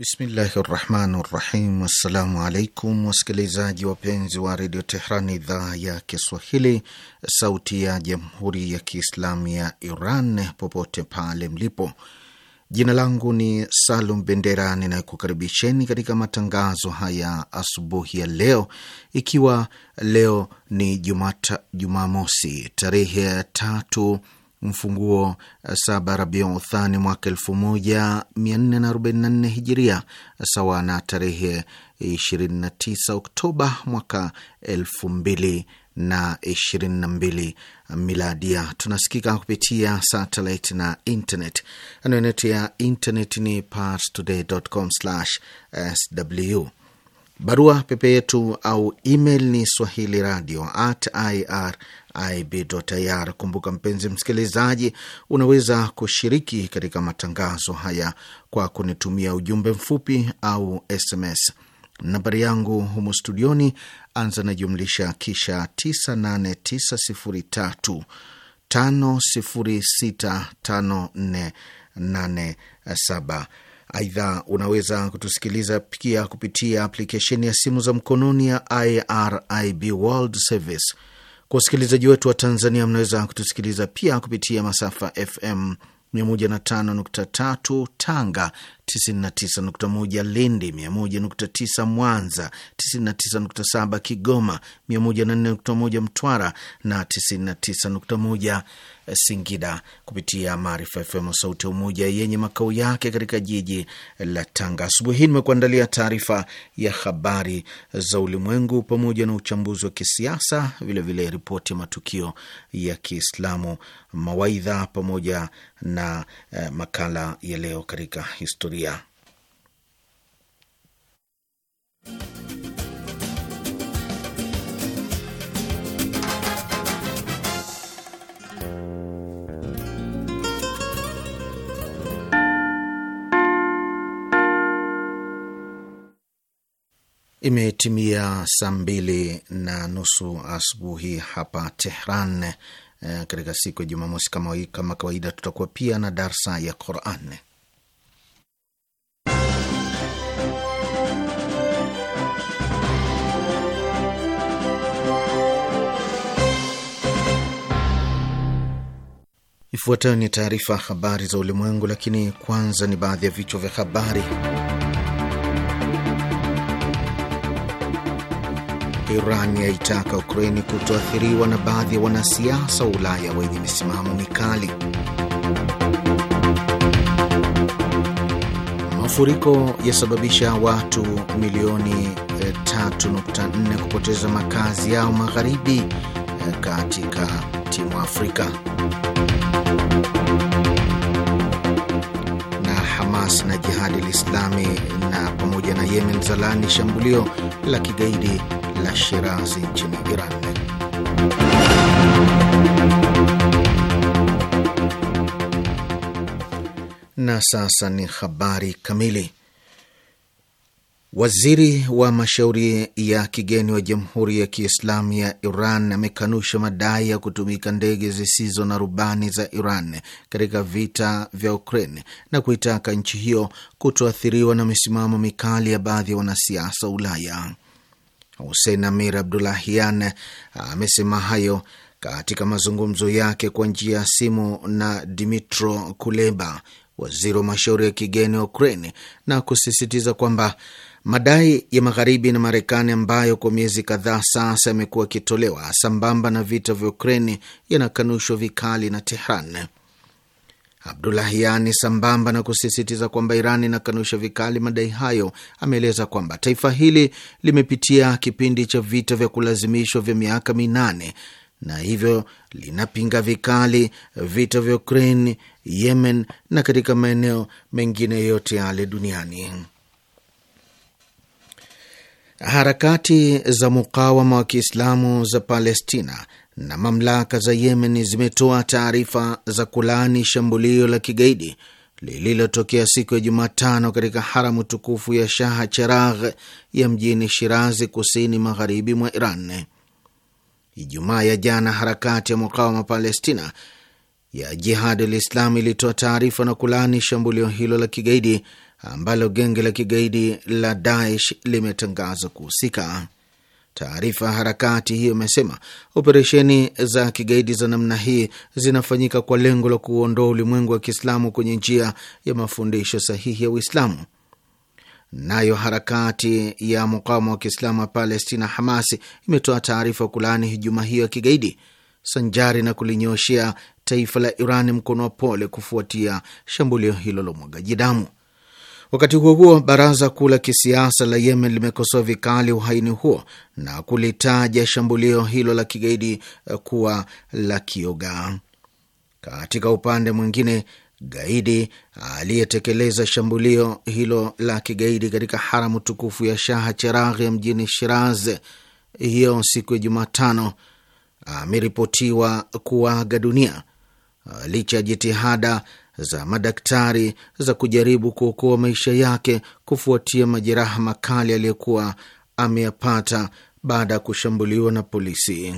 Bismillahi rahmani rahim. Assalamu alaikum wasikilizaji wapenzi wa redio Tehran, idhaa ya Kiswahili, sauti ya jamhuri ya kiislamu ya Iran, popote pale mlipo. Jina langu ni Salum Bendera ninayekukaribisheni katika matangazo haya asubuhi ya leo, ikiwa leo ni Jumamosi tarehe ya tatu mfunguo eh, saba Rabiu Uthani mwaka nne Hijiria, sawa na tarehe tisa Oktoba mwaka na mbili Miladia. Tunasikika kupitia satellite na internet. Anwani yetu ya internet ni parstoday.com/sw. Barua pepe yetu au email ni swahili radio at ir IB.ir. Kumbuka mpenzi msikilizaji, unaweza kushiriki katika matangazo haya kwa kunitumia ujumbe mfupi au SMS. Nambari yangu humo studioni, anza na jumlisha kisha 98903 5065487. Aidha, unaweza kutusikiliza pia kupitia aplikesheni ya simu za mkononi ya IRIB World Service kwa usikilizaji wetu wa Tanzania, mnaweza kutusikiliza pia kupitia masafa FM 105.3 Tanga, 99.1 Lindi, 101.9 Mwanza, 99.7 Kigoma, 104.1 Mtwara na 99.1 Singida kupitia Maarifa FM sauti ya Umoja yenye makao yake katika jiji la Tanga. Asubuhi hii nimekuandalia taarifa ya habari za ulimwengu pamoja na uchambuzi wa kisiasa, vilevile ripoti ya matukio ya Kiislamu, mawaidha pamoja na eh, makala ya leo katika historia Siria. Imetimia saa mbili na nusu asubuhi hapa Tehran. E, katika siku ya Jumamosi kama kawaida, tutakuwa pia na darsa ya Quran. Ifuatayo ni taarifa habari za ulimwengu, lakini kwanza ni baadhi ya vichwa vya habari. Iran yaitaka Ukraini kutoathiriwa na baadhi ya wanasiasa wa Ulaya wenye misimamo mikali. Mafuriko yasababisha watu milioni 3.4 eh, kupoteza makazi yao magharibi eh, katika timu Afrika na Hamas na Jihadi Lislami na pamoja na Yemen zalaani shambulio la kigaidi la Shirazi nchini Iran. Na sasa ni habari kamili. Waziri wa mashauri ya kigeni wa Jamhuri ya Kiislamu ya Iran amekanusha madai ya kutumika ndege zisizo na rubani za Iran katika vita vya Ukraine na kuitaka nchi hiyo kutoathiriwa na misimamo mikali ya baadhi ya wanasiasa Ulaya. Husein Amir Abdulahian amesema hayo katika mazungumzo yake kwa njia ya simu na Dimitro Kuleba, waziri wa mashauri ya kigeni wa Ukraine, na kusisitiza kwamba Madai ya Magharibi na Marekani ambayo kwa miezi kadhaa sasa yamekuwa yakitolewa sambamba na vita vya Ukraini yanakanushwa vikali na Tehran. Abdulahyani, sambamba na kusisitiza kwamba Iran inakanusha vikali madai hayo, ameeleza kwamba taifa hili limepitia kipindi cha vita vya kulazimishwa vya miaka minane na hivyo linapinga vikali vita vya ukrain Yemen na katika maeneo mengine yote yale duniani. Harakati za mukawama wa Kiislamu za Palestina na mamlaka za Yemen zimetoa taarifa za kulaani shambulio la kigaidi lililotokea siku ya Jumatano katika haramu tukufu ya Shaha Cheragh ya mjini Shirazi, kusini magharibi mwa Iran. Ijumaa ya jana, harakati ya mukawama Palestina ya Jihad al ilitoa taarifa na kulaani shambulio hilo la kigaidi ambalo genge la kigaidi la Daesh limetangaza kuhusika. Taarifa ya harakati hiyo imesema operesheni za kigaidi za namna hii zinafanyika kwa lengo la kuondoa ulimwengu wa Kiislamu kwenye njia ya mafundisho sahihi ya Uislamu. Nayo harakati ya mukawama wa Kiislamu wa Palestina, hamas imetoa taarifa kulaani hujuma hiyo ya kigaidi sanjari na kulinyoshea taifa la Iran mkono wa pole kufuatia shambulio hilo la umwagaji damu. Wakati huo huo, baraza kuu la kisiasa la Yemen limekosoa vikali uhaini huo na kulitaja shambulio hilo la kigaidi eh, kuwa la kioga. Katika upande mwingine, gaidi aliyetekeleza shambulio hilo la kigaidi katika haramu tukufu ya Shaha Cheraghi mjini Shiraz hiyo siku ya Jumatano ameripotiwa kuaga dunia licha ya jitihada za madaktari za kujaribu kuokoa maisha yake kufuatia majeraha makali aliyokuwa ameyapata baada ya kushambuliwa na polisi.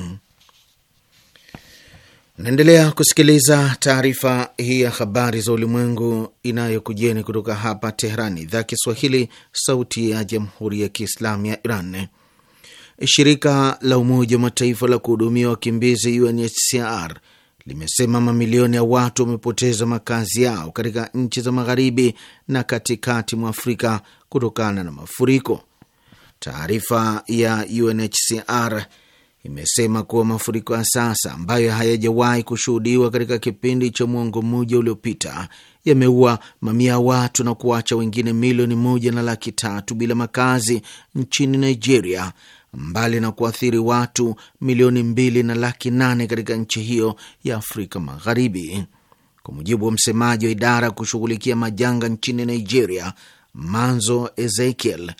Naendelea kusikiliza taarifa hii ya habari za ulimwengu inayokujeni kutoka hapa Teherani, idhaa Kiswahili, sauti ya jamhuri ya kiislamu ya Iran. Shirika la Umoja wa Mataifa la kuhudumia wakimbizi UNHCR limesema mamilioni ya watu wamepoteza makazi yao katika nchi za magharibi na katikati mwa Afrika kutokana na mafuriko. Taarifa ya UNHCR imesema kuwa mafuriko ya sasa ambayo hayajawahi kushuhudiwa katika kipindi cha mwongo mmoja uliopita yameua mamia ya watu na kuacha wengine milioni moja na laki tatu bila makazi nchini Nigeria, mbali na kuathiri watu milioni mbili na laki nane katika nchi hiyo ya Afrika Magharibi, kwa mujibu wa msemaji wa idara ya kushughulikia majanga nchini Nigeria, Manzo Ezekiel.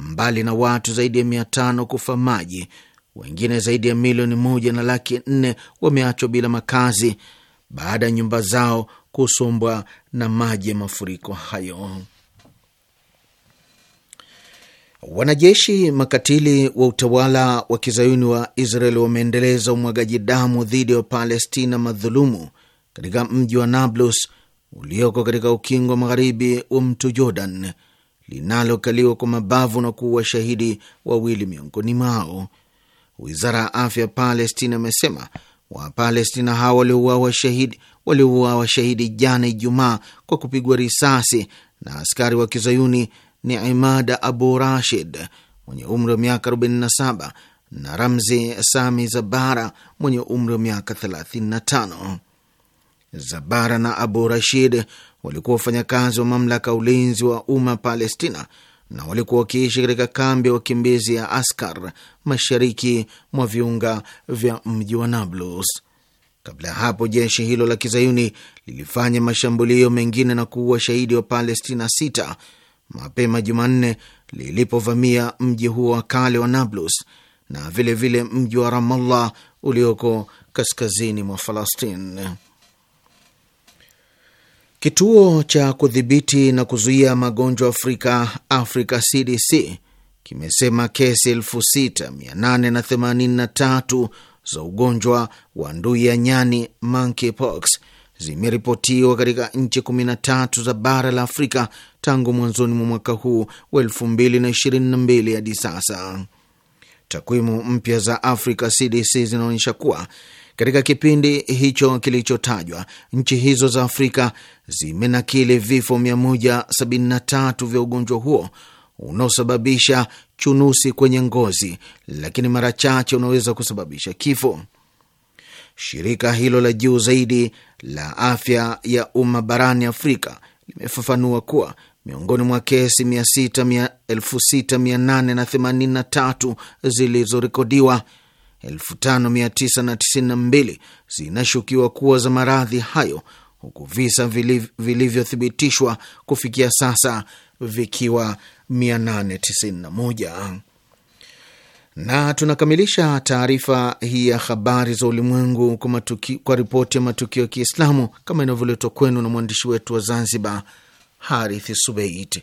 Mbali na watu zaidi ya mia tano kufa maji, wengine zaidi ya milioni moja na laki nne wameachwa bila makazi baada ya nyumba zao kusombwa na maji ya mafuriko hayo. Wanajeshi makatili wa utawala wa kizayuni wa Israel wameendeleza umwagaji damu dhidi ya Palestina madhulumu katika mji wa Nablus ulioko katika ukingo wa magharibi wa mto Jordan linalokaliwa kwa mabavu na kuwa shahidi wawili miongoni mwao. Wizara ya afya ya Palestina imesema Wapalestina hao waliuawa shahidi, waliuawa shahidi jana Ijumaa kwa kupigwa risasi na askari wa kizayuni ni Imada Abu Rashid mwenye umri wa miaka 47 na Ramzi Sami Zabara mwenye umri wa miaka 35. Zabara na Abu Rashid walikuwa wafanyakazi wa mamlaka ya ulinzi wa umma Palestina na walikuwa wakiishi katika kambi ya wakimbizi ya Askar mashariki mwa viunga vya mji wa Nablus. Kabla ya hapo, jeshi hilo la kizayuni lilifanya mashambulio mengine na kuua shahidi wa Palestina sita mapema Jumanne lilipovamia mji huo wa kale wa Nablus na vilevile vile mji wa Ramallah ulioko kaskazini mwa falastine Kituo cha kudhibiti na kuzuia magonjwa Afrika, Africa CDC, kimesema kesi 6883 za ugonjwa wa ndui ya nyani monkeypox zimeripotiwa katika nchi 13 za bara la Afrika tangu mwanzoni mwa mwaka huu wa 2022 hadi sasa. Takwimu mpya za Africa CDC zinaonyesha kuwa katika kipindi hicho kilichotajwa, nchi hizo za Afrika zimenakili vifo 173 vya ugonjwa huo unaosababisha chunusi kwenye ngozi, lakini mara chache unaweza kusababisha kifo. Shirika hilo la juu zaidi la afya ya umma barani Afrika limefafanua kuwa miongoni mwa kesi 6683 zilizorekodiwa 5992 zinashukiwa kuwa za maradhi hayo huku visa vilivyothibitishwa kufikia sasa vikiwa 891. Na tunakamilisha taarifa hii ya habari za ulimwengu kwa, kwa ripoti ya matukio ya Kiislamu kama inavyoletwa kwenu na mwandishi wetu wa Zanzibar, Harith Subeit.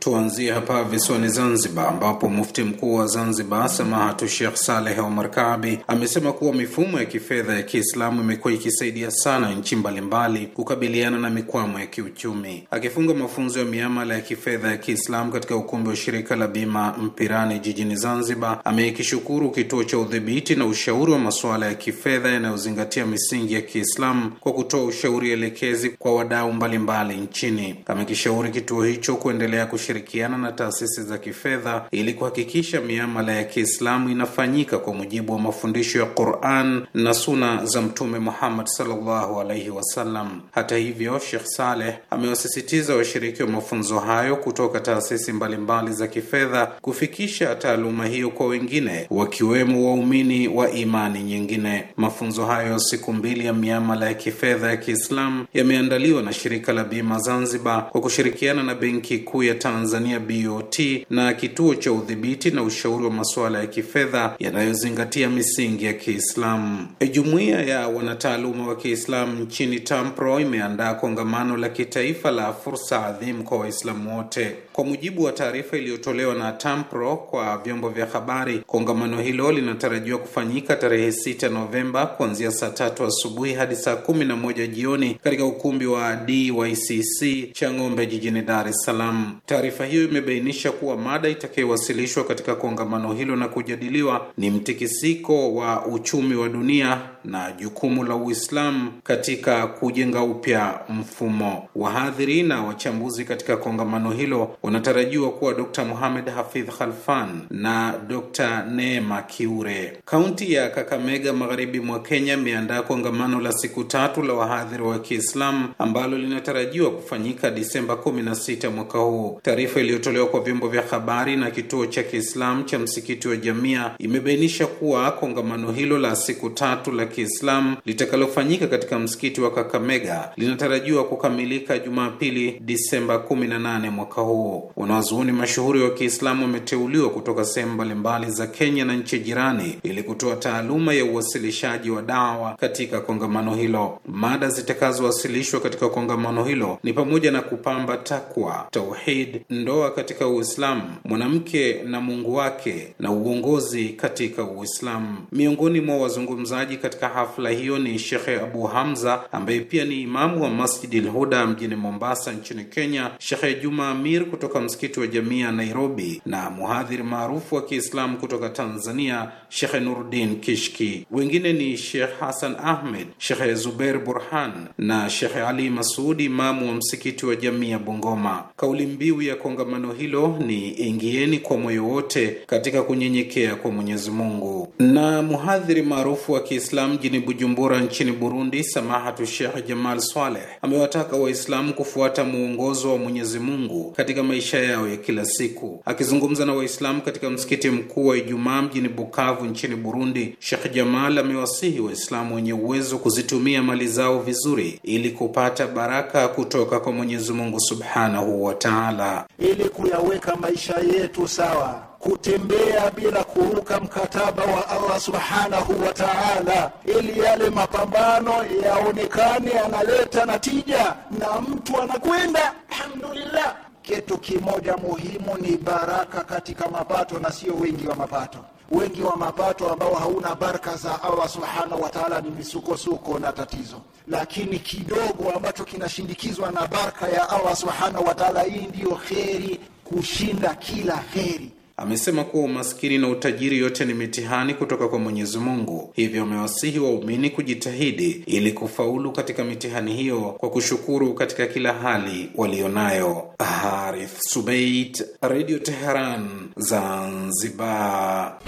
Tuanzie hapa visiwani Zanzibar, ambapo mufti mkuu wa Zanzibar samahatu shekh Saleh Omar Kabi amesema kuwa mifumo ya kifedha ya Kiislamu imekuwa ikisaidia sana nchi mbalimbali kukabiliana na mikwamo ya kiuchumi. Akifunga mafunzo ya miamala ya kifedha ya Kiislamu katika ukumbi wa shirika la bima Mpirani jijini Zanzibar, ameikishukuru kituo cha udhibiti na ushauri wa masuala ya kifedha yanayozingatia misingi ya Kiislamu kwa kutoa ushauri elekezi kwa wadau mbalimbali nchini. Amekishauri kituo hicho kuendelea kushirikiana na taasisi za kifedha ili kuhakikisha miamala ya Kiislamu inafanyika kwa mujibu wa mafundisho ya Quran na suna za Mtume Muhammad sallallahu alaihi wasallam. Hata hivyo, Sheikh Saleh amewasisitiza washiriki wa mafunzo hayo kutoka taasisi mbalimbali za kifedha kufikisha taaluma hiyo kwa wengine, wakiwemo waumini wa imani nyingine. Mafunzo hayo siku mbili ya miamala ya kifedha ya Kiislamu yameandaliwa na shirika la bima Zanzibar kwa kushirikiana na Benki Kuu ya Tanzania Tanzania BOT na kituo cha udhibiti na ushauri wa masuala ya kifedha yanayozingatia misingi ya Kiislamu. E, jumuiya ya wanataaluma wa Kiislamu nchini TAMPRO imeandaa kongamano la kitaifa la fursa adhimu kwa Waislamu wote. Kwa mujibu wa taarifa iliyotolewa na TAMPRO kwa vyombo vya habari, kongamano hilo linatarajiwa kufanyika tarehe 6 Novemba kuanzia saa tatu asubuhi hadi saa kumi na moja jioni katika ukumbi wa DYCC Chang'ombe jijini Dar es Salaam. Taarifa hiyo imebainisha kuwa mada itakayowasilishwa katika kongamano hilo na kujadiliwa ni mtikisiko wa uchumi wa dunia na jukumu la Uislamu katika kujenga upya mfumo. Wahadhiri na wachambuzi katika kongamano hilo wanatarajiwa kuwa Dr. muhamed Hafidh Khalfan na Dr. Neema Kiure. Kaunti ya Kakamega magharibi mwa Kenya imeandaa kongamano la siku tatu la wahadhiri wa Kiislamu ambalo linatarajiwa kufanyika Disemba 16 mwaka huu. Taarifa iliyotolewa kwa vyombo vya habari na kituo cha Kiislamu cha msikiti wa Jamia imebainisha kuwa kongamano hilo la siku tatu la Kiislamu litakalofanyika katika msikiti wa Kakamega linatarajiwa kukamilika Jumapili Disemba 18 mwaka huu. Wanazuoni mashuhuri wa Kiislamu wameteuliwa kutoka sehemu mbalimbali za Kenya na nchi jirani ili kutoa taaluma ya uwasilishaji wa dawa katika kongamano hilo. Mada zitakazowasilishwa katika kongamano hilo ni pamoja na kupamba takwa, tauhid, ndoa katika Uislamu, mwanamke na Mungu wake na uongozi katika Uislamu. Miongoni mwa wazungumzaji katika katika hafla hiyo ni Shekhe Abu Hamza ambaye pia ni imamu wa Masjidil Huda mjini Mombasa nchini Kenya, Shekhe Juma Amir kutoka msikiti wa Jamia Nairobi, na muhadhiri maarufu wa Kiislamu kutoka Tanzania Shekhe Nurdin Kishki. Wengine ni Shekh Hasan Ahmed, Shekhe Zuber Burhan na Shekhe Ali Masudi, imamu wa msikiti wa Jamia Bungoma. Kauli mbiu ya kongamano hilo ni ingieni kwa moyo wote katika kunyenyekea kwa Mwenyezi Mungu, na muhadhiri maarufu wa Kiislamu mjini Bujumbura nchini Burundi, Samahatu Sheikh Jamal Swaleh amewataka Waislamu kufuata muongozo wa Mwenyezi Mungu katika maisha yao ya kila siku. Akizungumza na Waislamu katika msikiti mkuu wa Ijumaa mjini Bukavu nchini Burundi, Sheikh Jamal amewasihi Waislamu wenye uwezo kuzitumia mali zao vizuri ili kupata baraka kutoka kwa Mwenyezi Mungu subhanahu wa taala, ili kuyaweka maisha yetu sawa kutembea bila kuruka mkataba wa Allah subhanahu wa ta'ala, ili yale mapambano yaonekane analeta natija na mtu anakwenda. Alhamdulillah, kitu kimoja muhimu ni baraka katika mapato na sio wengi wa mapato. Wengi wa mapato ambao hauna baraka za Allah subhanahu wa ta'ala ni misukosuko na tatizo, lakini kidogo ambacho kinashindikizwa na baraka ya Allah subhanahu wa ta'ala, hii ndiyo kheri kushinda kila kheri. Amesema kuwa umaskini na utajiri yote ni mitihani kutoka kwa Mwenyezi Mungu, hivyo amewasihi waumini kujitahidi ili kufaulu katika mitihani hiyo kwa kushukuru katika kila hali walionayo. Harith Subait, Radio Teheran, Zanzibar.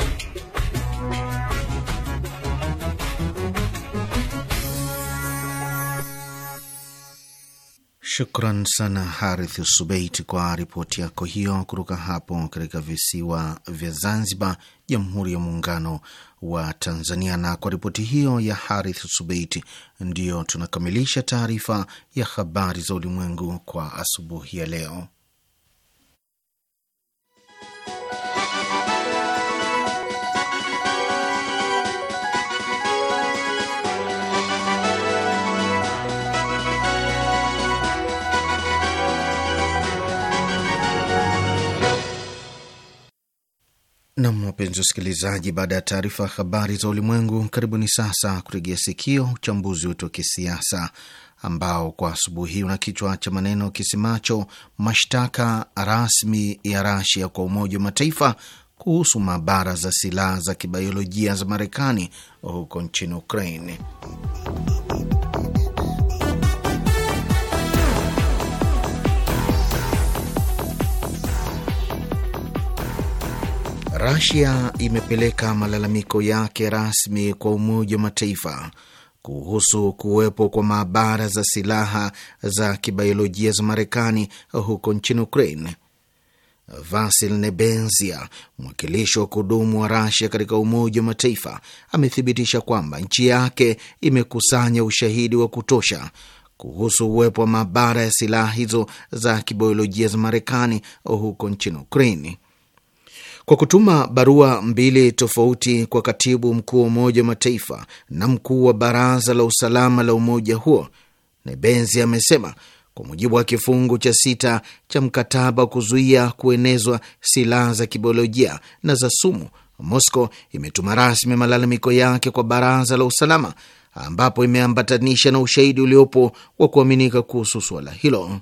Shukran sana Harith Subeiti kwa ripoti yako hiyo kutoka hapo katika visiwa vya Zanzibar, Jamhuri ya Muungano wa Tanzania. Na kwa ripoti hiyo ya Harith Subeiti ndiyo tunakamilisha taarifa ya habari za ulimwengu kwa asubuhi ya leo. Nam, wapenzi wasikilizaji, baada ya taarifa ya habari za ulimwengu, karibuni sasa kuregea sikio uchambuzi wetu wa kisiasa ambao kwa asubuhi hii una kichwa cha maneno kisemacho mashtaka rasmi ya Rasia kwa Umoja wa Mataifa kuhusu maabara za silaha za kibaiolojia za Marekani huko nchini Ukraine. Rasia imepeleka malalamiko yake rasmi kwa Umoja wa Mataifa kuhusu kuwepo kwa maabara za silaha za kibaiolojia za Marekani huko nchini Ukraine. Vasil Nebenzia, mwakilishi wa kudumu wa Rasia katika Umoja wa Mataifa, amethibitisha kwamba nchi yake imekusanya ushahidi wa kutosha kuhusu uwepo wa maabara ya silaha hizo za kibiolojia za Marekani huko nchini Ukraini kwa kutuma barua mbili tofauti kwa katibu mkuu wa Umoja wa Mataifa na mkuu wa Baraza la Usalama la umoja huo, Nebenzi amesema kwa mujibu wa kifungu cha sita cha mkataba wa kuzuia kuenezwa silaha za kibiolojia na za sumu, Moscow imetuma rasmi malalamiko yake kwa Baraza la Usalama, ambapo imeambatanisha na ushahidi uliopo wa kuaminika kuhusu suala hilo.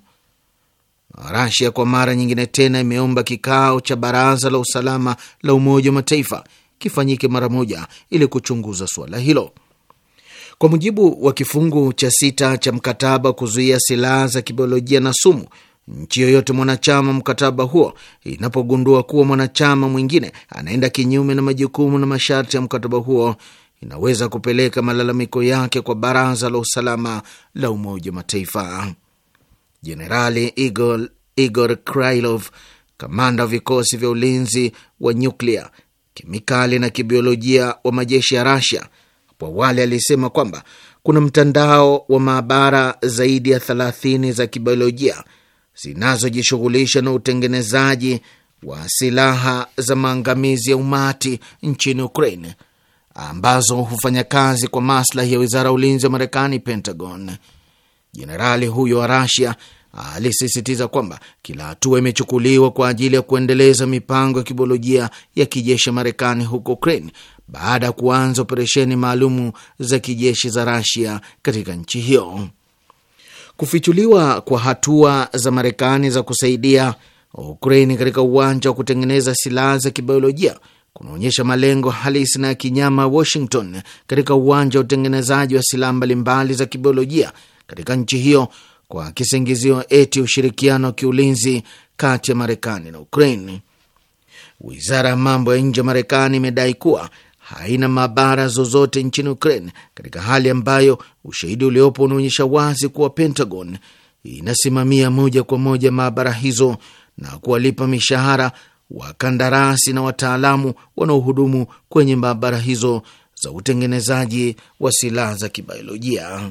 Rasia kwa mara nyingine tena imeomba kikao cha baraza la usalama la Umoja wa Mataifa kifanyike mara moja ili kuchunguza suala hilo. Kwa mujibu wa kifungu cha sita cha mkataba wa kuzuia silaha za kibiolojia na sumu, nchi yoyote mwanachama mkataba huo inapogundua kuwa mwanachama mwingine anaenda kinyume na majukumu na masharti ya mkataba huo inaweza kupeleka malalamiko yake kwa baraza la usalama la Umoja wa Mataifa. Jenerali Igor, Igor Krailov, kamanda wa vikosi vya ulinzi wa nyuklia, kemikali na kibiolojia wa majeshi ya Rasia, hapo awali alisema kwamba kuna mtandao wa maabara zaidi ya 30 za kibiolojia zinazojishughulisha na utengenezaji wa silaha za maangamizi ya umati nchini Ukraine ambazo hufanya kazi kwa maslahi ya wizara ya ulinzi wa Marekani, Pentagon. Jenerali huyo wa Rasia alisisitiza kwamba kila hatua imechukuliwa kwa ajili ya kuendeleza mipango ya kibiolojia ya kijeshi Marekani huko Ukraine baada ya kuanza operesheni maalumu za kijeshi za Rasia katika nchi hiyo. Kufichuliwa kwa hatua za Marekani za kusaidia ukrain katika uwanja wa kutengeneza silaha za kibiolojia kunaonyesha malengo halisi na ya kinyama Washington katika uwanja wa utengenezaji wa silaha mbalimbali za kibiolojia katika nchi hiyo kwa kisingizio eti ushirikiano wa kiulinzi kati ya Marekani na Ukraine. Wizara ya mambo ya nje ya Marekani imedai kuwa haina maabara zozote nchini Ukraine, katika hali ambayo ushahidi uliopo unaonyesha wazi kuwa Pentagon inasimamia moja kwa moja maabara hizo na kuwalipa mishahara wakandarasi na wataalamu wanaohudumu kwenye maabara hizo za utengenezaji wa silaha za kibiolojia.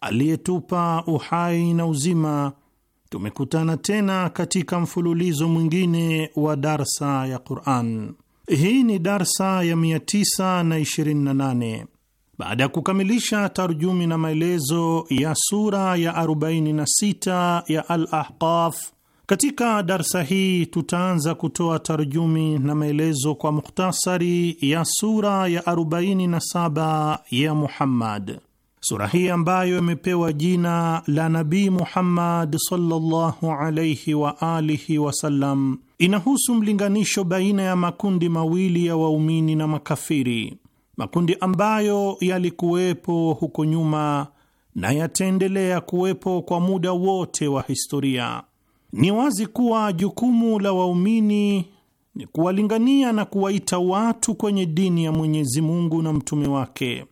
aliyetupa uhai na uzima, tumekutana tena katika mfululizo mwingine wa darsa ya Quran. Hii ni darsa ya 928 baada ya kukamilisha tarjumi na maelezo ya sura ya 46 ya Al-Ahqaf. Katika darsa hii tutaanza kutoa tarjumi na maelezo kwa mukhtasari ya sura ya 47 ya Muhammad. Sura hii ambayo imepewa jina la Nabii Muhammad sallallahu alayhi wa alihi wasallam inahusu mlinganisho baina ya makundi mawili ya waumini na makafiri, makundi ambayo yalikuwepo huko nyuma na yataendelea kuwepo kwa muda wote wa historia. Ni wazi kuwa jukumu la waumini ni kuwalingania na kuwaita watu kwenye dini ya Mwenyezi Mungu na mtume wake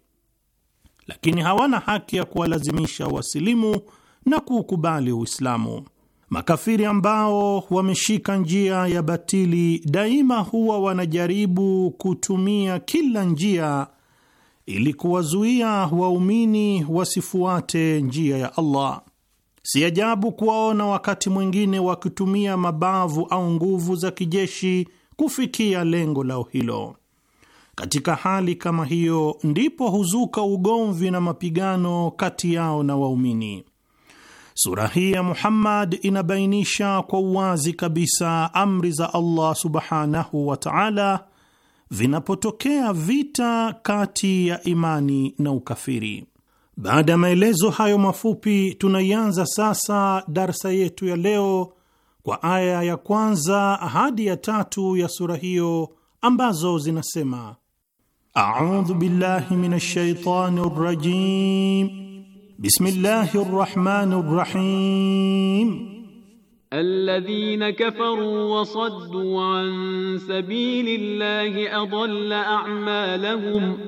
lakini hawana haki ya kuwalazimisha wasilimu na kuukubali Uislamu. Makafiri ambao wameshika njia ya batili daima huwa wanajaribu kutumia kila njia ili kuwazuia waumini wasifuate njia ya Allah. Si ajabu kuwaona wakati mwingine wakitumia mabavu au nguvu za kijeshi kufikia lengo lao hilo. Katika hali kama hiyo ndipo huzuka ugomvi na mapigano kati yao na waumini. Sura hii ya Muhammad inabainisha kwa uwazi kabisa amri za Allah subhanahu wa ta'ala vinapotokea vita kati ya imani na ukafiri. Baada ya maelezo hayo mafupi, tunaianza sasa darsa yetu ya leo kwa aya ya kwanza hadi ya tatu ya sura hiyo ambazo zinasema: أعوذ بالله من الشيطان الرجيم بسم الله الرحمن الرحيم الذين كفروا وصدوا عن سبيل الله أضل أعمالهم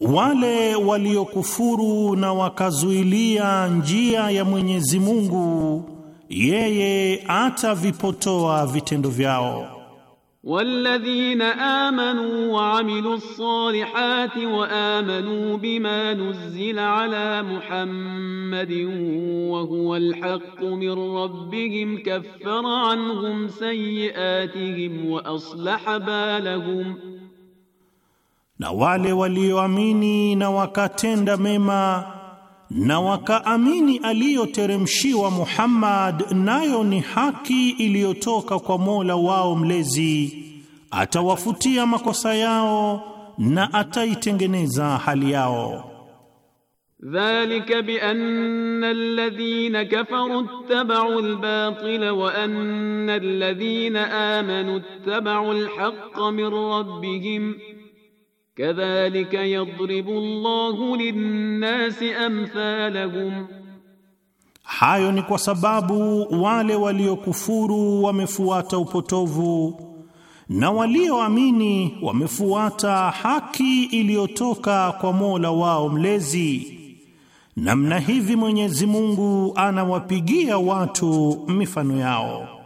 wale waliokufuru na wakazuilia njia ya Mwenyezi Mungu, yeye atavipotoa vitendo vyao. والذين آمنوا وعملوا الصالحات وآمنوا بما نزل على محمد وهو الحق من ربهم كفر عنهم سيئاتهم وأصلح بالهم na wale walioamini na wakatenda mema na wakaamini aliyoteremshiwa Muhammad, nayo ni haki iliyotoka kwa Mola wao mlezi, atawafutia makosa yao na ataitengeneza hali yao. Dhalika bi anna alladhina kafaru ittaba'u albatila wa anna alladhina amanu ittaba'u alhaqqa min rabbihim Kadhalika yadribu Allahu linnasi amthalahum, hayo ni kwa sababu wale waliokufuru wamefuata upotovu na walioamini wamefuata haki iliyotoka kwa Mola wao mlezi. Namna hivi Mwenyezi Mungu anawapigia watu mifano yao.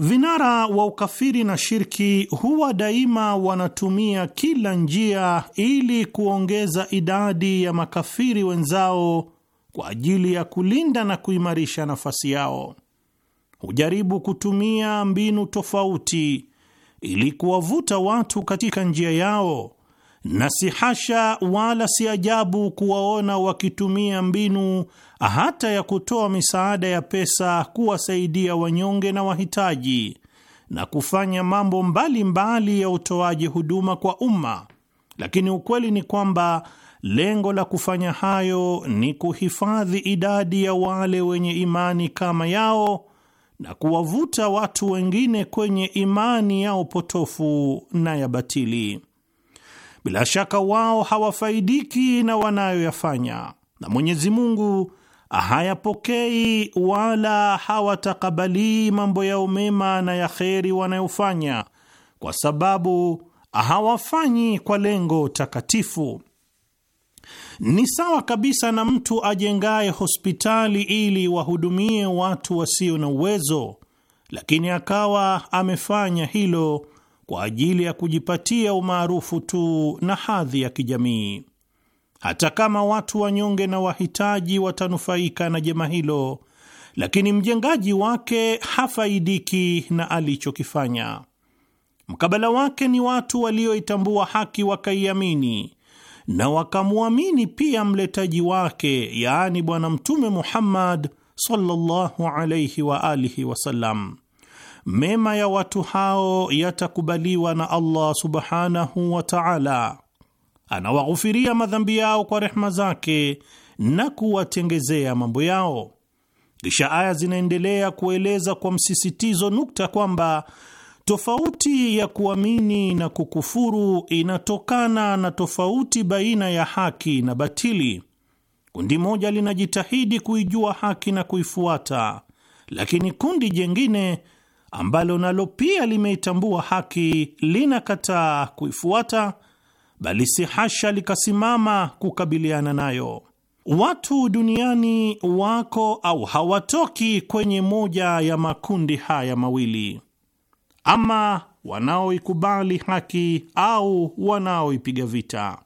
Vinara wa ukafiri na shirki huwa daima wanatumia kila njia ili kuongeza idadi ya makafiri wenzao kwa ajili ya kulinda na kuimarisha nafasi yao. Hujaribu kutumia mbinu tofauti ili kuwavuta watu katika njia yao na si hasha wala si ajabu kuwaona wakitumia mbinu hata ya kutoa misaada ya pesa kuwasaidia wanyonge na wahitaji na kufanya mambo mbalimbali mbali ya utoaji huduma kwa umma, lakini ukweli ni kwamba lengo la kufanya hayo ni kuhifadhi idadi ya wale wenye imani kama yao na kuwavuta watu wengine kwenye imani yao potofu na ya batili bila shaka wao hawafaidiki na wanayoyafanya, na Mwenyezi Mungu hayapokei wala hawatakabalii mambo yao mema na ya kheri wanayofanya, kwa sababu hawafanyi kwa lengo takatifu. Ni sawa kabisa na mtu ajengaye hospitali ili wahudumie watu wasio na uwezo, lakini akawa amefanya hilo kwa ajili ya kujipatia umaarufu tu na hadhi ya kijamii, hata kama watu wanyonge na wahitaji watanufaika na jema hilo, lakini mjengaji wake hafaidiki na alichokifanya. Mkabala wake ni watu walioitambua haki wakaiamini na wakamwamini pia mletaji wake, yaani Bwana Mtume Muhammad sallallahu alayhi wa alihi wasallam mema ya watu hao yatakubaliwa na Allah subhanahu wa ta'ala. Anawaghufiria madhambi yao kwa rehma zake na kuwatengezea mambo yao. Kisha aya zinaendelea kueleza kwa msisitizo nukta kwamba tofauti ya kuamini na kukufuru inatokana na tofauti baina ya haki na batili. Kundi moja linajitahidi kuijua haki na kuifuata, lakini kundi jengine ambalo nalo pia limeitambua haki linakataa kuifuata, bali si hasha likasimama kukabiliana nayo. Watu duniani wako au hawatoki kwenye moja ya makundi haya mawili, ama wanaoikubali haki au wanaoipiga vita.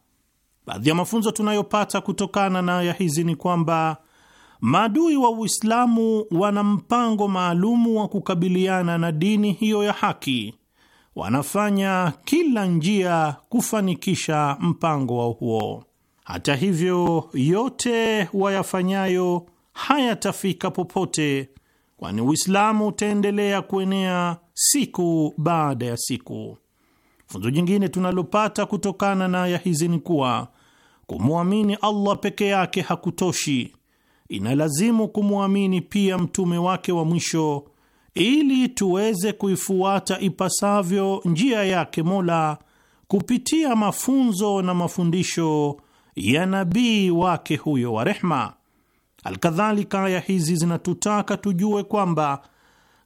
Baadhi ya mafunzo tunayopata kutokana na aya hizi ni kwamba Maadui wa Uislamu wana mpango maalumu wa kukabiliana na dini hiyo ya haki. Wanafanya kila njia kufanikisha mpango wao huo. Hata hivyo, yote wayafanyayo hayatafika popote, kwani Uislamu utaendelea kuenea siku baada ya siku. Funzo jingine tunalopata kutokana na aya hizi ni kuwa kumwamini Allah peke yake hakutoshi inalazimu kumwamini pia mtume wake wa mwisho ili tuweze kuifuata ipasavyo njia yake Mola kupitia mafunzo na mafundisho ya nabii wake huyo wa rehma. Alkadhalika, aya hizi zinatutaka tujue kwamba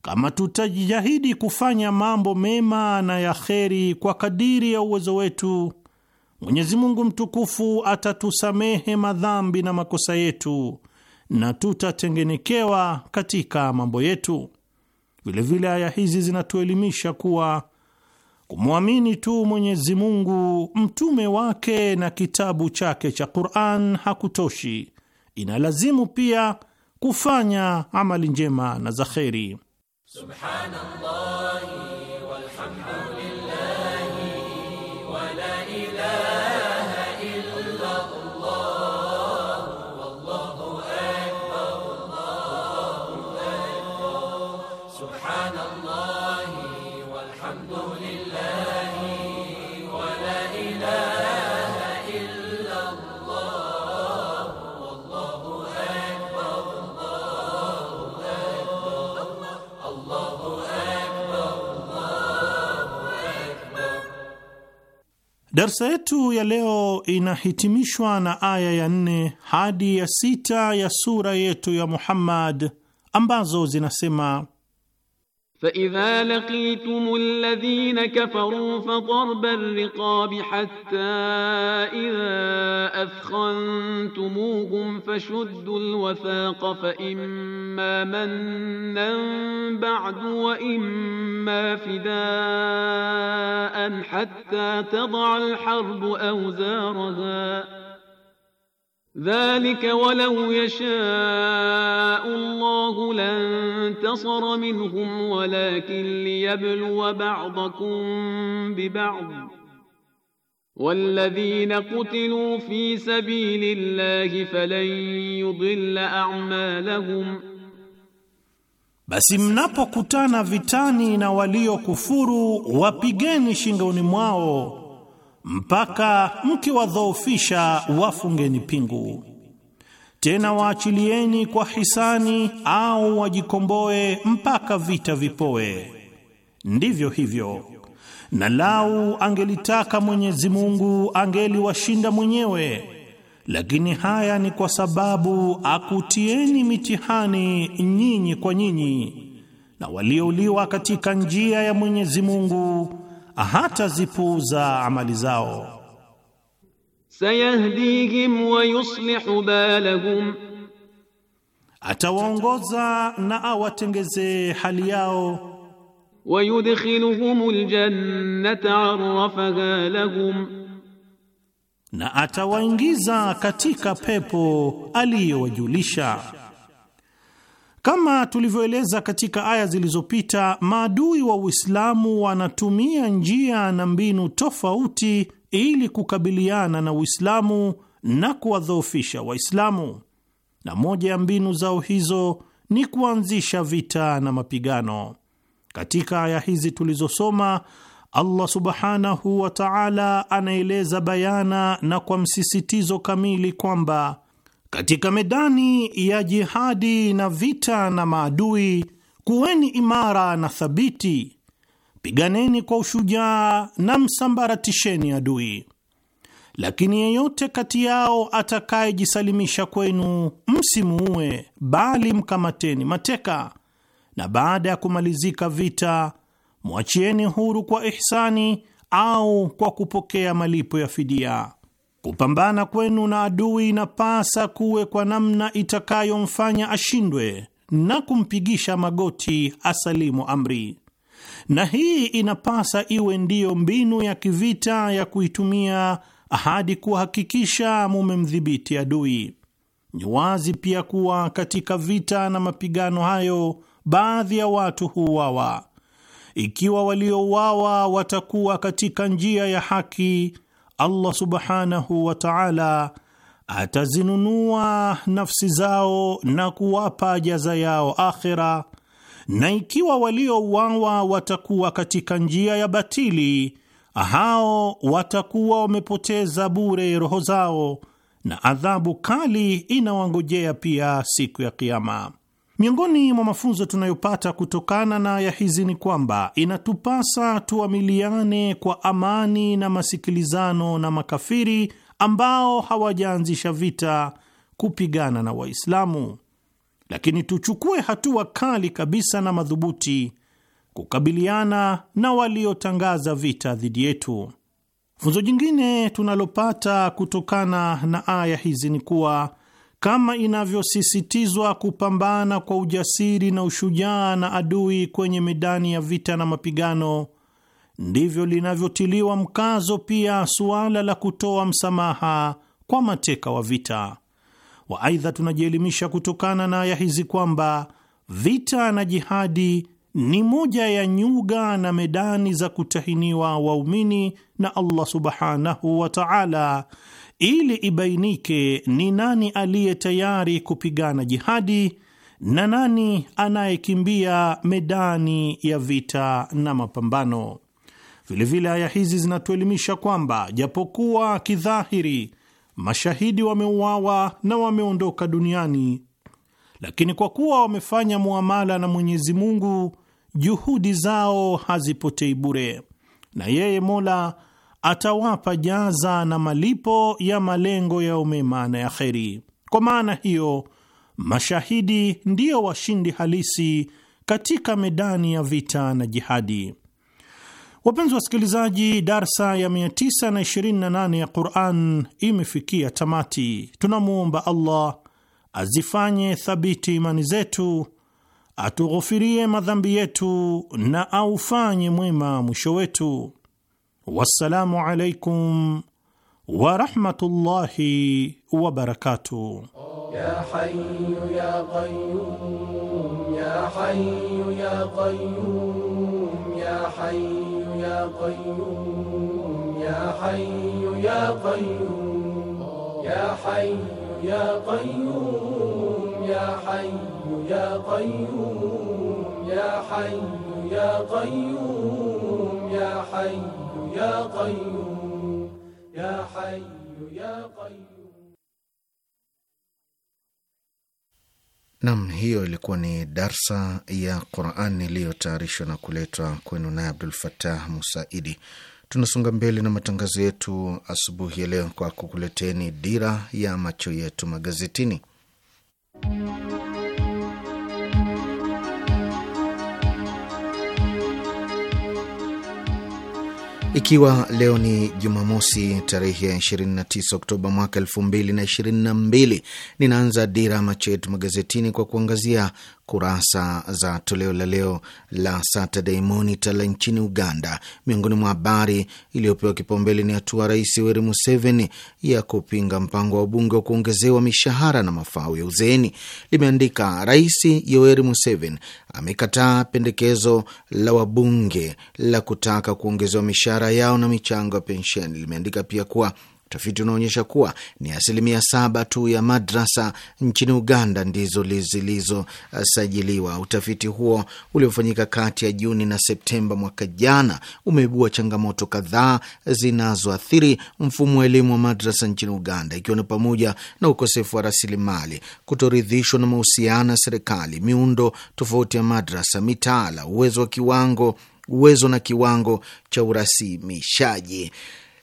kama tutajitahidi kufanya mambo mema na ya kheri kwa kadiri ya uwezo wetu, Mwenyezi Mungu mtukufu atatusamehe madhambi na makosa yetu na tutatengenekewa katika mambo yetu. Vilevile aya hizi zinatuelimisha kuwa kumwamini tu Mwenyezi Mungu, mtume wake na kitabu chake cha Qur'an hakutoshi, inalazimu pia kufanya amali njema na za kheri. Subhanallah. Darsa yetu ya leo inahitimishwa na aya ya nne hadi ya sita ya sura yetu ya Muhammad ambazo zinasema فإذا لقيتم الذين كفروا فضرب الرقاب حتى إذا أثخنتموهم فشدوا الوثاق فإما منا بعد وإما فداء حتى تضع الحرب أوزارها Dhalika walau yashau llahu lantasara minhum walakin liyabluwa badakum bibad walladhina qutiluu fi sabili llahi falan yudilla amalahum, basi mnapokutana vitani na waliokufuru wapigeni shingoni mwao mpaka mkiwadhoofisha wafungeni pingu, tena waachilieni kwa hisani au wajikomboe mpaka vita vipoe. Ndivyo hivyo, na lau angelitaka Mwenyezi Mungu angeliwashinda mwenyewe, lakini haya ni kwa sababu akutieni mitihani nyinyi kwa nyinyi, na waliouliwa katika njia ya Mwenyezi Mungu hatazipuuza amali zao. Sayahdihim wa yuslihu balahum, atawaongoza na awatengeze hali yao. Wa yudkhiluhum aljannata arrafaha lahum, na atawaingiza katika pepo aliyowajulisha. Kama tulivyoeleza katika aya zilizopita, maadui wa Uislamu wanatumia njia na mbinu tofauti ili kukabiliana na Uislamu na kuwadhoofisha Waislamu, na moja ya mbinu zao hizo ni kuanzisha vita na mapigano. Katika aya hizi tulizosoma, Allah subhanahu wa ta'ala anaeleza bayana na kwa msisitizo kamili kwamba katika medani ya jihadi na vita na maadui, kuweni imara na thabiti, piganeni kwa ushujaa na msambaratisheni adui. Lakini yeyote kati yao atakayejisalimisha kwenu, msimuue, bali mkamateni mateka, na baada ya kumalizika vita mwachieni huru kwa ihsani au kwa kupokea malipo ya fidia Kupambana kwenu na adui inapasa kuwe kwa namna itakayomfanya ashindwe na kumpigisha magoti asalimu amri, na hii inapasa iwe ndiyo mbinu ya kivita ya kuitumia hadi kuhakikisha mumemdhibiti adui. Ni wazi pia kuwa katika vita na mapigano hayo baadhi ya watu huuawa. Ikiwa waliouawa watakuwa katika njia ya haki Allah subhanahu wa ta'ala atazinunua nafsi zao na kuwapa jaza yao akhira, na ikiwa waliouawa watakuwa katika njia ya batili, hao watakuwa wamepoteza bure roho zao, na adhabu kali inawangojea pia siku ya Kiyama. Miongoni mwa mafunzo tunayopata kutokana na aya hizi ni kwamba inatupasa tuamiliane kwa amani na masikilizano na makafiri ambao hawajaanzisha vita kupigana na Waislamu, lakini tuchukue hatua kali kabisa na madhubuti kukabiliana na waliotangaza vita dhidi yetu. Funzo jingine tunalopata kutokana na aya hizi ni kuwa kama inavyosisitizwa kupambana kwa ujasiri na ushujaa na adui kwenye medani ya vita na mapigano, ndivyo linavyotiliwa mkazo pia suala la kutoa msamaha kwa mateka wa vita wa. Aidha, tunajielimisha kutokana na aya hizi kwamba vita na jihadi ni moja ya nyuga na medani za kutahiniwa waumini na Allah subhanahu wa ta'ala ili ibainike ni nani aliye tayari kupigana jihadi na nani anayekimbia medani ya vita na mapambano. Vilevile aya hizi zinatuelimisha kwamba japokuwa kidhahiri mashahidi wameuawa na wameondoka duniani, lakini kwa kuwa wamefanya muamala na Mwenyezi Mungu, juhudi zao hazipotei bure, na yeye Mola atawapa jaza na malipo ya malengo ya umema na ya kheri. Kwa maana hiyo, mashahidi ndiyo washindi halisi katika medani ya vita na jihadi. Wapenzi wasikilizaji, darsa ya 928 ya Quran imefikia tamati. Tunamwomba Allah azifanye thabiti imani zetu, atughofirie madhambi yetu na aufanye mwema mwisho wetu. والسلام عليكم ورحمة الله وبركاته يا حي يا قيوم يا حي يا قيوم يا حي يا قيوم يا حي يا قيوم يا حي يا قيوم يا حي يا قيوم يا حي يا قيوم يا حي ya qayyum ya hayyu ya qayyum. Nam, hiyo ilikuwa ni darsa ya quran iliyotayarishwa na kuletwa kwenu naye Abdul fatah Musaidi. Tunasonga mbele na matangazo yetu asubuhi ya leo kwa kukuleteni dira ya macho yetu magazetini Ikiwa leo ni Jumamosi tarehe ya 29 Oktoba mwaka 2022, ninaanza dira machetu magazetini kwa kuangazia kurasa za toleo la leo la Saturday Monitor la nchini Uganda. Miongoni mwa habari iliyopewa kipaumbele ni hatua Rais Yoweri Museveni ya kupinga mpango wa wabunge wa kuongezewa mishahara na mafao ya uzeeni. Limeandika, Rais Yoweri Museveni amekataa pendekezo la wabunge la kutaka kuongezewa mishahara yao na michango ya pensheni. Limeandika pia kuwa Utafiti unaonyesha kuwa ni asilimia saba tu ya madrasa nchini Uganda ndizo zilizosajiliwa. Utafiti huo uliofanyika kati ya Juni na Septemba mwaka jana umeibua changamoto kadhaa zinazoathiri mfumo wa elimu wa madrasa nchini Uganda, ikiwa ni pamoja na ukosefu wa rasilimali, kutoridhishwa na mahusiano ya serikali, miundo tofauti ya madrasa, mitaala, uwezo wa kiwango uwezo na kiwango cha urasimishaji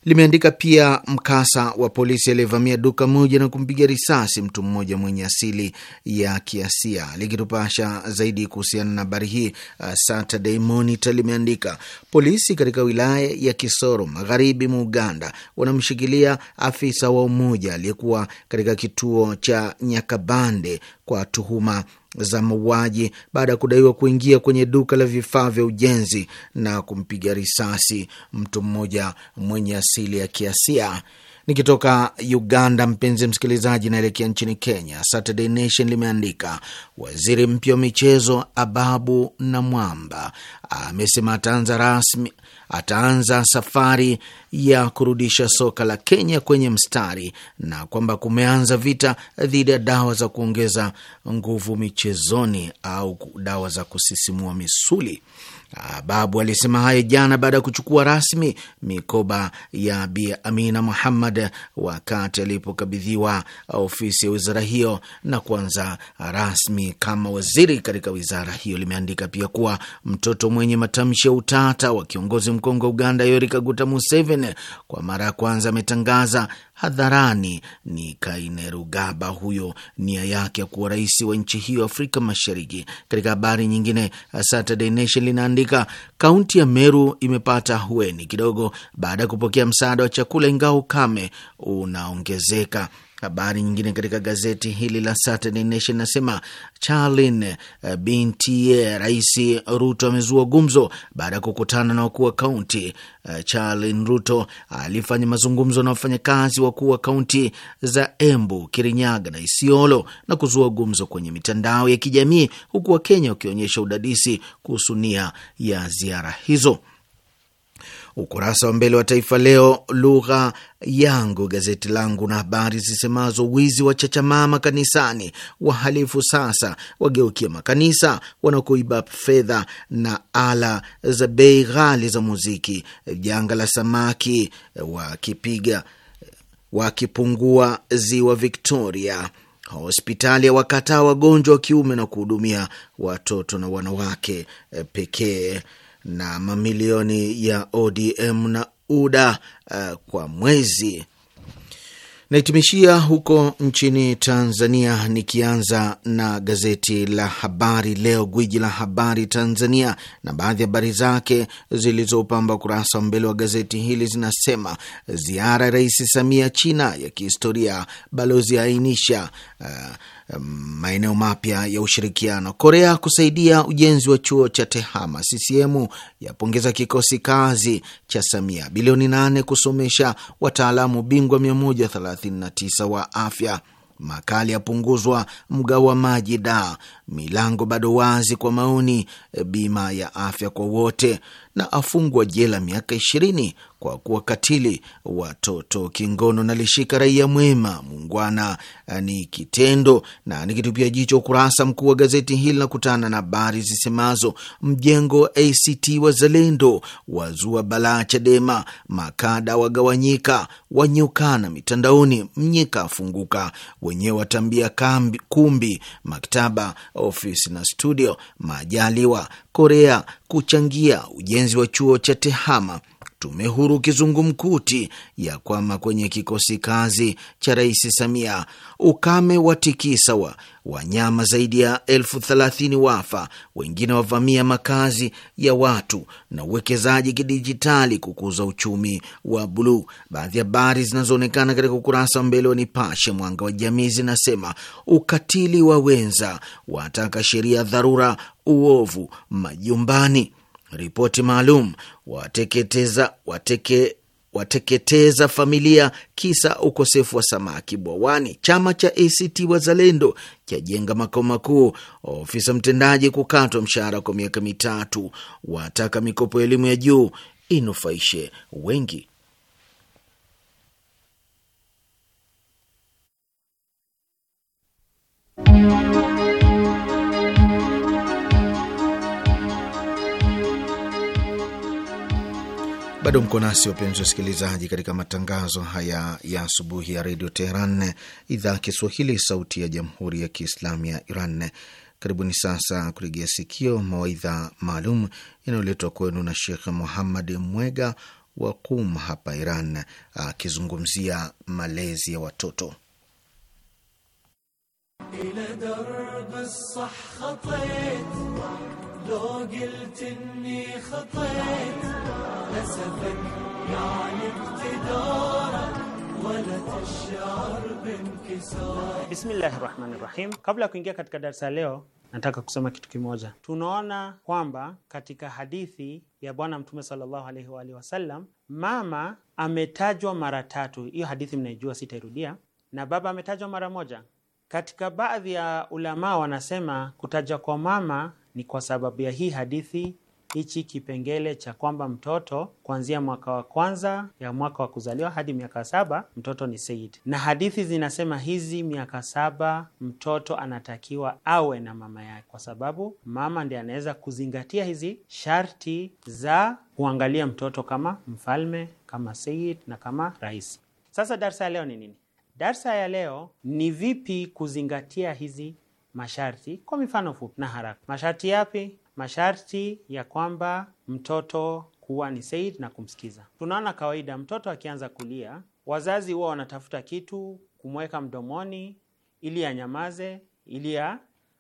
limeandika pia mkasa wa polisi aliyevamia duka moja na kumpiga risasi mtu mmoja mwenye asili ya Kiasia. Likitupasha zaidi kuhusiana na habari hii, uh, Saturday Monitor limeandika polisi katika wilaya ya Kisoro magharibi mwa Uganda wanamshikilia afisa wa Umoja aliyekuwa katika kituo cha Nyakabande kwa tuhuma za mauaji baada ya kudaiwa kuingia kwenye duka la vifaa vya ujenzi na kumpiga risasi mtu mmoja mwenye asili ya Kiasia. Nikitoka Uganda, mpenzi msikilizaji, naelekea nchini Kenya. Saturday Nation limeandika waziri mpya wa michezo Ababu Namwamba amesema ataanza rasmi ataanza safari ya kurudisha soka la Kenya kwenye mstari na kwamba kumeanza vita dhidi ya dawa za kuongeza nguvu michezoni au dawa za kusisimua misuli. Babu alisema hayo jana baada ya kuchukua rasmi mikoba ya Bi Amina Muhammad wakati alipokabidhiwa ofisi ya wizara hiyo na kuanza rasmi kama waziri katika wizara hiyo. Limeandika pia kuwa mtoto mwenye matamshi ya utata wa kiongozi mkongwe wa Uganda Yoweri Kaguta Museveni kwa mara ya kwanza ametangaza hadharani ni Kainerugaba. Huyo nia yake ya kuwa rais wa nchi hiyo Afrika Mashariki. Katika habari nyingine, Saturday Nation linaandika kaunti ya Meru imepata hueni kidogo baada ya kupokea msaada wa chakula, ingawa ukame unaongezeka. Habari nyingine katika gazeti hili la Saturday Nation nasema Charlin eh, binti eh, Rais Ruto amezua gumzo baada ya kukutana na wakuu wa kaunti. Eh, Charlin Ruto alifanya mazungumzo na wafanyakazi wakuu wa kaunti za Embu, Kirinyaga na Isiolo na kuzua gumzo kwenye mitandao ya kijamii, huku Wakenya wakionyesha udadisi kuhusu nia ya ziara hizo ukurasa wa mbele wa Taifa Leo, lugha yangu, gazeti langu, na habari zisemazo wizi wa chachamama kanisani, wahalifu sasa wageukia makanisa wanakoiba fedha na ala za bei ghali za muziki, janga la samaki wakipiga wakipungua ziwa Victoria, hospitali ya wakataa wagonjwa wa kiume na kuhudumia watoto na wanawake pekee na mamilioni ya ODM na UDA uh, kwa mwezi. Naitimishia huko nchini Tanzania, nikianza na gazeti la Habari Leo, gwiji la habari Tanzania, na baadhi ya habari zake zilizopamba ukurasa wa mbele wa gazeti hili zinasema: ziara ya Rais Samia China ya kihistoria, balozi ainisha uh, maeneo mapya ya ushirikiano. Korea kusaidia ujenzi wa chuo cha Tehama. CCM yapongeza kikosi kazi cha Samia, bilioni 8 kusomesha wataalamu bingwa 139 wa afya. Makali yapunguzwa mgao wa maji da. Milango bado wazi kwa maoni. Eh, bima ya afya kwa wote na afungwa jela miaka ishirini kwa kuwakatili watoto kingono na lishika raia mwema mungwana ni kitendo. Na nikitupia jicho ukurasa mkuu wa gazeti hili, na kutana na habari zisemazo mjengo wa ACT Wazalendo wazua balaa Chadema, makada wagawanyika, wanyukana mitandaoni, Mnyika afunguka, wenyewe watambia kambi, kumbi, maktaba, ofisi na studio, Majaliwa Korea kuchangia ujenzi wa chuo cha TEHAMA tume huru kizungumkuti ya kwama kwenye kikosi kazi cha Rais Samia. Ukame watikisa wa wanyama zaidi ya elfu thelathini wafa, wengine wavamia makazi ya watu. Na uwekezaji kidijitali kukuza uchumi wa bluu Baadhi ya habari zinazoonekana katika ukurasa wa mbele wa Nipashe Mwanga wa Jamii zinasema ukatili wa wenza wataka sheria dharura uovu majumbani ripoti maalum wateketeza, wateke, wateketeza familia kisa ukosefu wa samaki bwawani. Chama cha ACT Wazalendo chajenga makao makuu, ofisa mtendaji kukatwa mshahara kwa miaka mitatu, wataka mikopo ya elimu ya juu inufaishe wengi. Bado mko nasi wapenzi wasikilizaji, katika matangazo haya ya asubuhi ya redio Teheran, idhaa Kiswahili, sauti ya jamhuri ya kiislamu ya Iran. Karibuni sasa kuregea sikio mawaidha maalum yanayoletwa kwenu na Shekh Muhammad Mwega wa Qum hapa Iran, akizungumzia malezi ya watoto للأسفك يعني اقتدارك Bismillahi rahmani rahim. Kabla ya kuingia katika darasa leo, nataka kusema kitu kimoja. Tunaona kwamba katika hadithi ya Bwana Mtume sallallahu alaihi wa alihi wasallam, mama ametajwa mara tatu. Hiyo hadithi mnaijua, sitairudia, na baba ametajwa mara moja. Katika baadhi ya ulamaa wanasema kutaja kwa mama ni kwa sababu ya hii hadithi hichi kipengele cha kwamba mtoto kuanzia mwaka wa kwanza ya mwaka wa kuzaliwa hadi miaka saba mtoto ni Sayyid, na hadithi zinasema hizi miaka saba mtoto anatakiwa awe na mama yake, kwa sababu mama ndiye anaweza kuzingatia hizi sharti za kuangalia mtoto kama mfalme, kama Sayyid na kama rais. Sasa darsa ya leo ni nini? Darsa ya leo ni vipi kuzingatia hizi masharti kwa mifano fupi na haraka. Masharti yapi? masharti ya kwamba mtoto kuwa ni Said na kumsikiza. Tunaona kawaida mtoto akianza kulia, wazazi huwa wanatafuta kitu kumweka mdomoni ili anyamaze, ili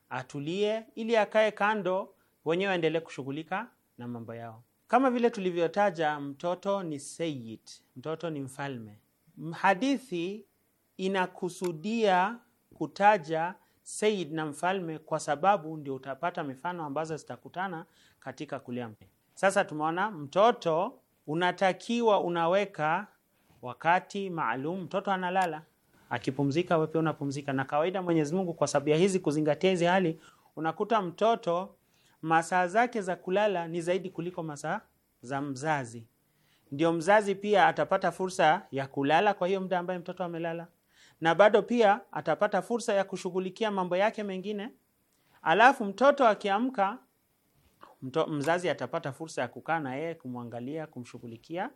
atulie, ili akae kando, wenyewe waendelee kushughulika na mambo yao. Kama vile tulivyotaja, mtoto ni Said, mtoto ni mfalme. Hadithi inakusudia kutaja Said na mfalme, kwa sababu ndio utapata mifano ambazo zitakutana katika kulia mtoto. Sasa tumeona mtoto unatakiwa unaweka wakati maalum mtoto analala, akipumzika wewe pia unapumzika. Na kawaida Mwenyezi Mungu kwa sababu ya hizi kuzingatia hizi hali, unakuta mtoto masaa zake za kulala ni zaidi kuliko masaa za mzazi. Ndio mzazi pia atapata fursa ya kulala kwa hiyo muda ambaye mtoto amelala na bado pia atapata fursa ya kushughulikia mambo yake mengine. Alafu mtoto akiamka, mzazi atapata fursa ya kukaa na yeye, kumwangalia, kumshughulikia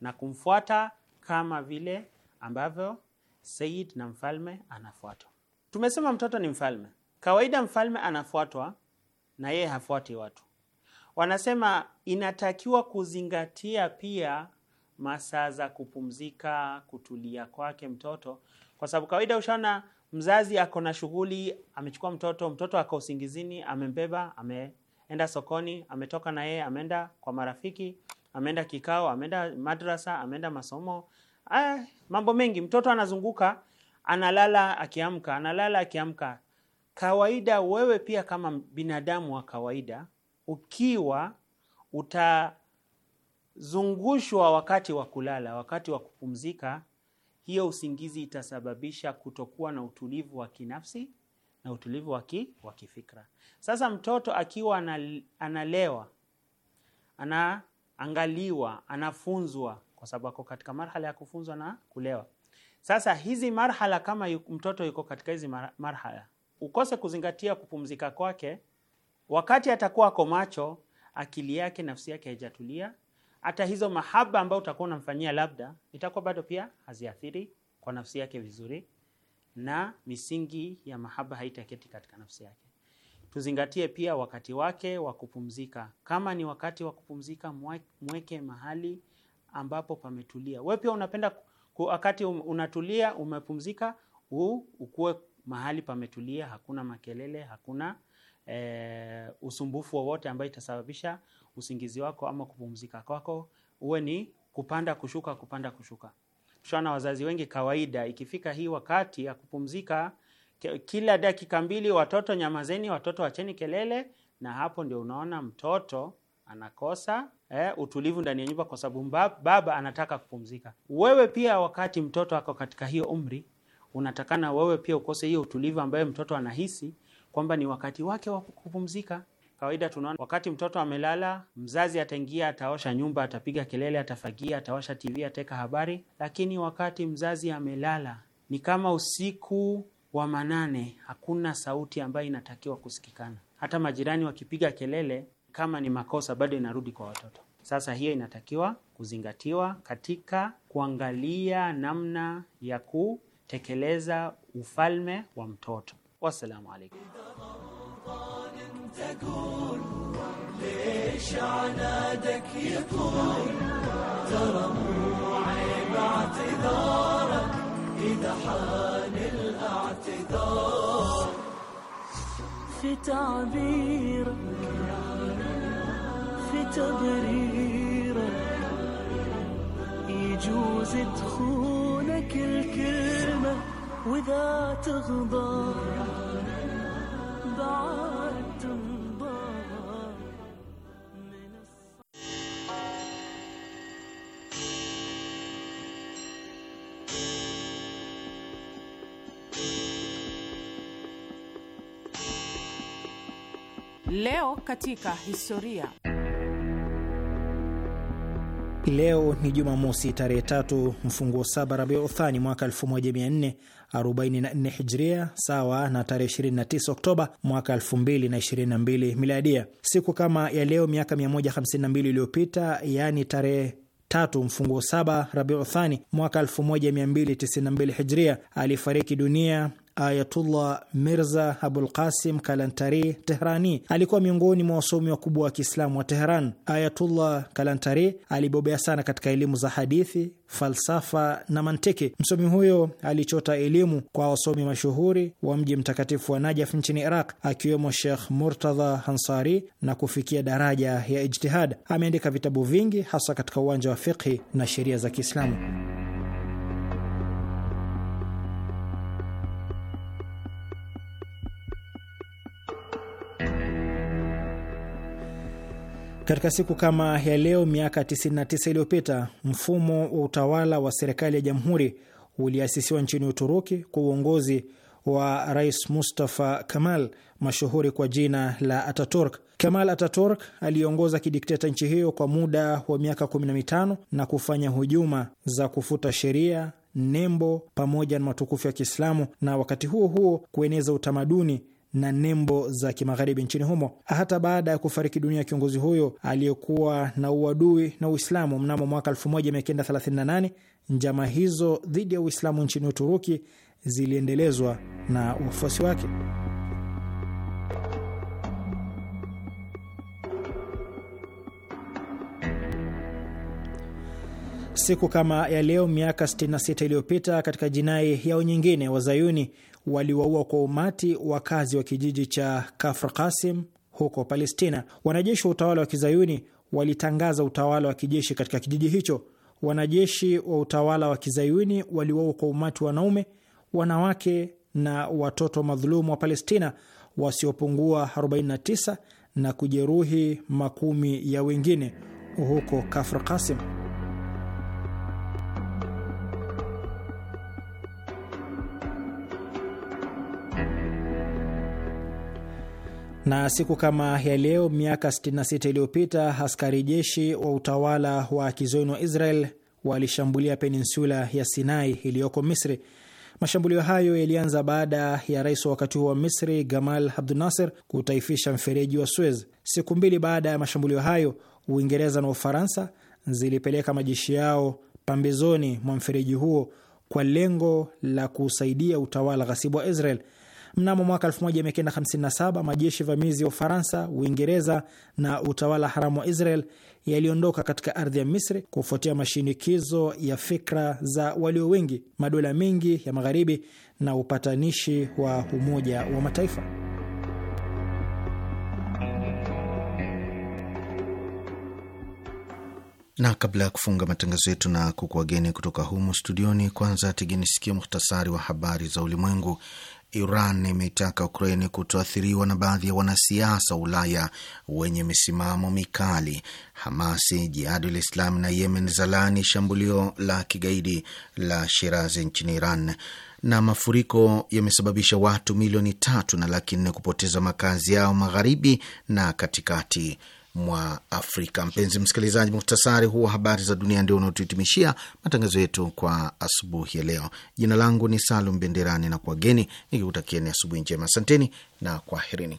na kumfuata kama vile ambavyo Said na mfalme anafuatwa. Tumesema mtoto ni mfalme. Kawaida mfalme anafuatwa na yeye hafuati watu. Wanasema inatakiwa kuzingatia pia masaa za kupumzika, kutulia kwake mtoto, kwa sababu kawaida ushaona mzazi ako na shughuli, amechukua mtoto, mtoto ako usingizini, amembeba, ameenda sokoni, ametoka na yeye, ameenda kwa marafiki, ameenda kikao, ameenda madrasa, ameenda masomo, Ay, mambo mengi. Mtoto anazunguka, analala, akiamka, analala, akiamka. Kawaida wewe pia kama binadamu wa kawaida, ukiwa uta zungushwa wakati wa kulala, wakati wa kupumzika, hiyo usingizi itasababisha kutokuwa na utulivu wa kinafsi na utulivu wa kifikra. Sasa mtoto akiwa analewa, anaangaliwa, anafunzwa, kwa sababu ako katika marhala ya kufunzwa na kulewa. Sasa hizi marhala, kama mtoto yuko katika hizi marhala, ukose kuzingatia kupumzika kwake, wakati atakuwa ako macho, akili yake, nafsi yake haijatulia hata hizo mahaba ambayo utakuwa unamfanyia labda itakuwa bado pia haziathiri kwa nafsi yake vizuri, na misingi ya mahaba haitaketi katika nafsi yake. Tuzingatie pia wakati wake wa kupumzika. Kama ni wakati wa kupumzika, mweke mahali ambapo pametulia. Wewe pia unapenda wakati um, unatulia, umepumzika, ukuwe mahali pametulia, hakuna makelele, hakuna e, usumbufu wowote ambao itasababisha usingizi wako ama kupumzika kwako, uwe ni kupanda kushuka, kupanda kushuka. Tushaona wazazi wengi kawaida, ikifika hii wakati ya kupumzika, kila dakika mbili, watoto nyamazeni, watoto wacheni kelele, na hapo ndio unaona mtoto anakosa eh, utulivu ndani ya nyumba kwa sababu baba anataka kupumzika. Wewe pia wakati mtoto ako katika hiyo umri, unatakana wewe pia ukose hiyo utulivu ambayo mtoto anahisi kwamba ni wakati wake wa kupumzika kawaida tunaona wakati mtoto amelala, mzazi ataingia, ataosha nyumba, atapiga kelele, atafagia, atawasha TV, ateka habari. Lakini wakati mzazi amelala, ni kama usiku wa manane, hakuna sauti ambayo inatakiwa kusikikana. Hata majirani wakipiga kelele, kama ni makosa, bado inarudi kwa watoto. Sasa hiyo inatakiwa kuzingatiwa katika kuangalia namna ya kutekeleza ufalme wa mtoto. Wassalamu alaikum. تقول ليش عنادك يطول ترى مو عيب اعتذارك إذا حان الاعتذار في تعبيرك في تبريرك يجوز تخونك الكلمة وإذا تغضب بعد Leo katika historia. Leo ni Jumamosi tarehe tatu mfunguo saba Rabiu Uthani mwaka 1444 Hijria, sawa na tarehe 29 Oktoba mwaka 2022 Miladia. Siku kama ya leo miaka 152 iliyopita, yaani tarehe tatu mfunguo saba Rabiu Uthani mwaka 1292 Hijria, alifariki dunia Ayatullah Mirza Abul Qasim Kalantari Tehrani alikuwa miongoni mwa wasomi wakubwa wa Kiislamu wa Teheran. Ayatullah Kalantari alibobea sana katika elimu za hadithi, falsafa na mantiki. Msomi huyo alichota elimu kwa wasomi mashuhuri wa mji mtakatifu wa Najaf nchini Iraq, akiwemo Shekh Murtadha Hansari na kufikia daraja ya ijtihad. Ameandika vitabu vingi hasa katika uwanja wa fiqhi na sheria za Kiislamu. Katika siku kama ya leo miaka 99 iliyopita mfumo wa utawala wa serikali ya jamhuri uliasisiwa nchini Uturuki kwa uongozi wa Rais Mustafa Kemal mashuhuri kwa jina la Ataturk. Kemal Ataturk aliongoza kidikteta nchi hiyo kwa muda wa miaka 15 na kufanya hujuma za kufuta sheria, nembo pamoja na matukufu ya Kiislamu na wakati huo huo kueneza utamaduni na nembo za kimagharibi nchini humo. Hata baada ya kufariki dunia ya kiongozi huyo aliyekuwa na uadui na Uislamu mnamo mwaka 1938 njama hizo dhidi ya Uislamu nchini Uturuki ziliendelezwa na wafuasi wake. Siku kama ya leo miaka 66 iliyopita, katika jinai yao nyingine, wazayuni waliwaua kwa umati wakazi wa kijiji cha Kafr Kasim huko Palestina. Wanajeshi wa utawala wa kizayuni walitangaza utawala wa kijeshi katika kijiji hicho. Wanajeshi wa utawala wa kizayuni waliwaua kwa umati wanaume, wanawake na watoto madhulumu wa Palestina wasiopungua 49 na kujeruhi makumi ya wengine huko Kafr Kasim. Na siku kama ya leo miaka 66 iliyopita askari jeshi wa utawala wa kizoni wa Israel walishambulia peninsula ya Sinai iliyoko Misri. Mashambulio hayo yalianza baada ya rais wa wakati huo wa Misri Gamal abdu Nasser kutaifisha mfereji wa Suez. Siku mbili baada ya mashambulio hayo, Uingereza na Ufaransa zilipeleka majeshi yao pambezoni mwa mfereji huo kwa lengo la kusaidia utawala ghasibu wa Israel. Mnamo mwaka 1957 majeshi vamizi ya Ufaransa, Uingereza na utawala haramu wa Israel yaliondoka katika ardhi ya Misri kufuatia mashinikizo ya fikra za walio wengi, madola mengi ya Magharibi na upatanishi wa Umoja wa Mataifa. na kabla ya kufunga matangazo yetu na kukuwageni kutoka humo studioni, kwanza tigenisikia sikio muhtasari wa habari za ulimwengu. Iran imetaka Ukraini kutoathiriwa na baadhi ya wanasiasa wa Ulaya wenye misimamo mikali. Hamasi, Jihadul islam na Yemen zalani shambulio la kigaidi la Shirazi nchini Iran. Na mafuriko yamesababisha watu milioni tatu na laki nne kupoteza makazi yao magharibi na katikati mwa Afrika. Mpenzi msikilizaji, muhtasari huu wa habari za dunia ndio unaotuhitimishia matangazo yetu kwa asubuhi ya leo. Jina langu ni Salum Benderani na kwa geni nikikutakieni asubuhi njema. Asanteni na kwaherini.